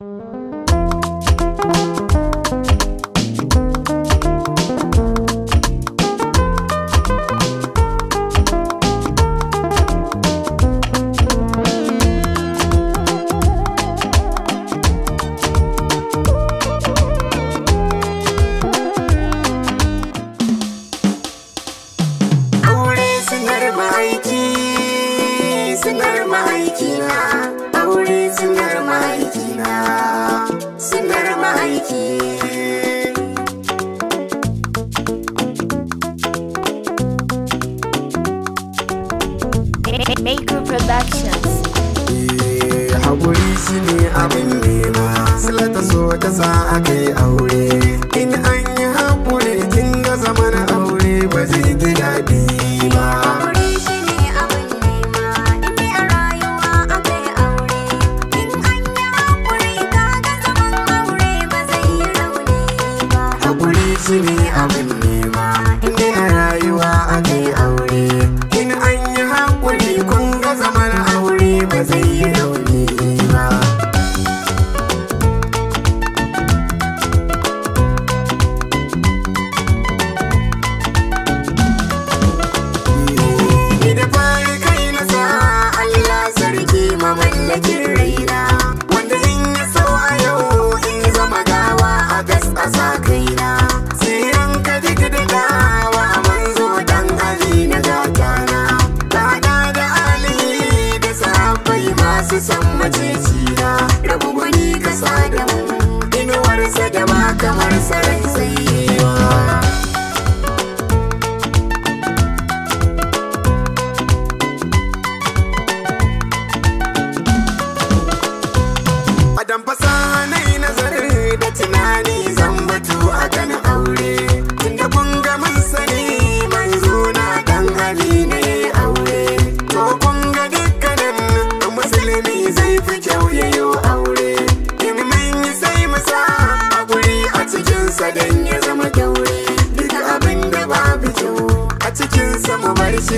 Thank you. Maker Productions. Eh, Haƙuri shi ne abin nema, sila ta so ta sa aka yi aure. mallaki raina wanda ya sawa yau in zama gawa a gas ƙasa kaina tsiran ka duk da gawa manzo dan ali na gatana gada da ne da sahabbai masu san macicina rabu gwani ka sadam inuwarsa da ma kamar sarai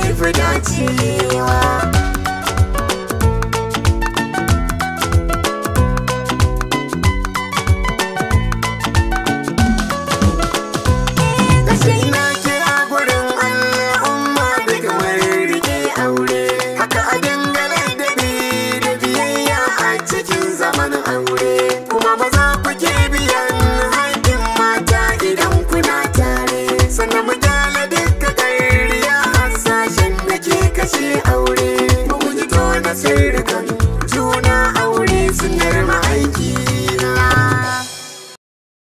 Favorite nineteen. kashe aure mu guji na sirri